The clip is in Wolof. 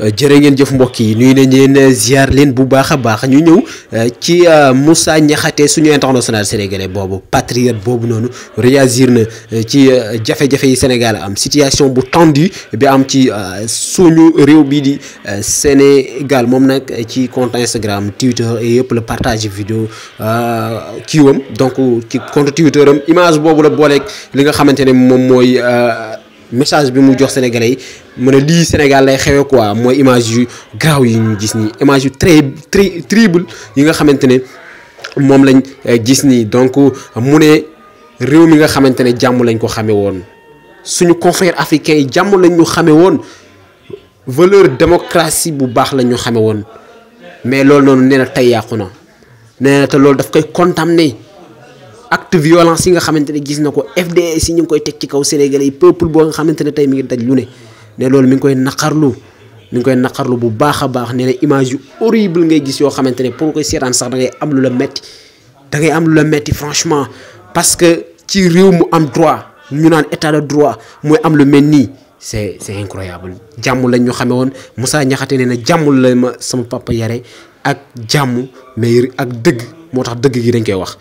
Nous euh, ngeen jëf mbokk yi nuyu nañ leen bu baax ñu ñëw euh, ci euh, Moussa suñu international sénégalais boobu patriote réagir Sénégal am situation bu tendue bi am ci suñu réew Sénégal Nous nag compte Instagram Twitter et partage vidéo donc compte Twitter image boobu la message bi mu jox sénégalais yi mu ne lii Sénégal lay xewee quoi mooy image yu garaaw yi ñu gis nii image yu très très terrible yi nga xamante ne moom lañ euh, gis nii donc mu ne réew mi nga xamante ne jàmm lañ ko xamee woon suñu confrères africains yi jàmm lañ ñu xamee woon valeur démocratie bu baax la ñu xamee woon mais loolu noonu nee na yàqu na nee te loolu daf koy condamné. acte violence yi nga xamanteni gis nako FDS yi ñu koy tek ci kaw Sénégalais yi peuple bo nga xamanteni tay mi ngi daj lu ne né lool mi ngi koy nakarlu mi ngi koy nakarlu bu baaxa baax né na image horrible ngay gis yo xamanteni pour koy sétane sax da ngay am lu la metti da ngay am lu la metti franchement parce que ci réew mu am droit ñu naan état de droit moy am lu melni c'est c'est incroyable jàmm lañ ñu xamé won Moussa ñaxaté né na la ma sama papa yaré ak jàmm mais ak deug motax deug gi dañ koy wax